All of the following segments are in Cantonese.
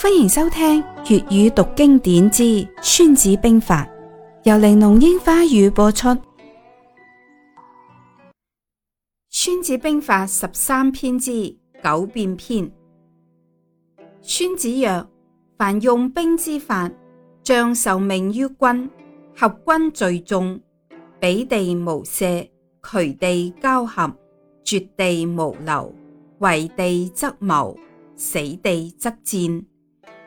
歡迎收聽粵語讀經典之《孫子兵法》，由玲瓏櫻花語播出。《孫子兵法》十三篇之九變篇，孫子曰：凡用兵之法，將受命於君，合軍聚眾，比地無赦，渠地交合，絕地無留，圍地則謀，死地則戰。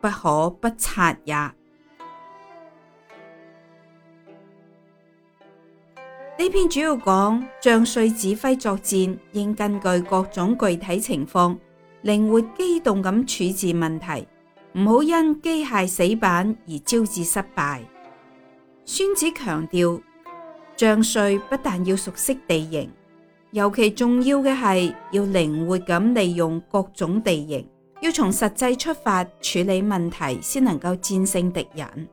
不可不察也。呢篇主要講將帥指揮作戰，應根據各種具體情況，靈活機動咁處置問題，唔好因機械死板而招致失敗。孫子強調，將帥不但要熟悉地形，尤其重要嘅係要靈活咁利用各種地形。要從實際出發處理問題，先能夠戰勝敵人。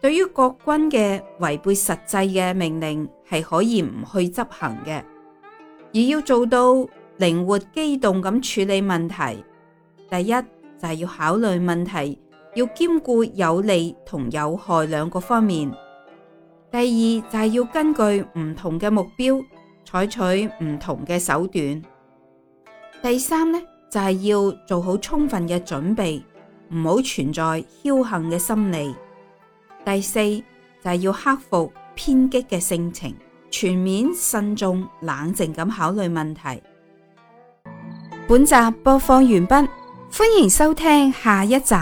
對於國君嘅違背實際嘅命令，係可以唔去執行嘅。而要做到靈活機動咁處理問題，第一就係、是、要考慮問題，要兼顧有利同有害兩個方面。第二就係、是、要根據唔同嘅目標，採取唔同嘅手段。第三呢。就係要做好充分嘅準備，唔好存在僥倖嘅心理。第四就係要克服偏激嘅性情，全面慎重冷靜咁考慮問題。本集播放完畢，歡迎收聽下一集。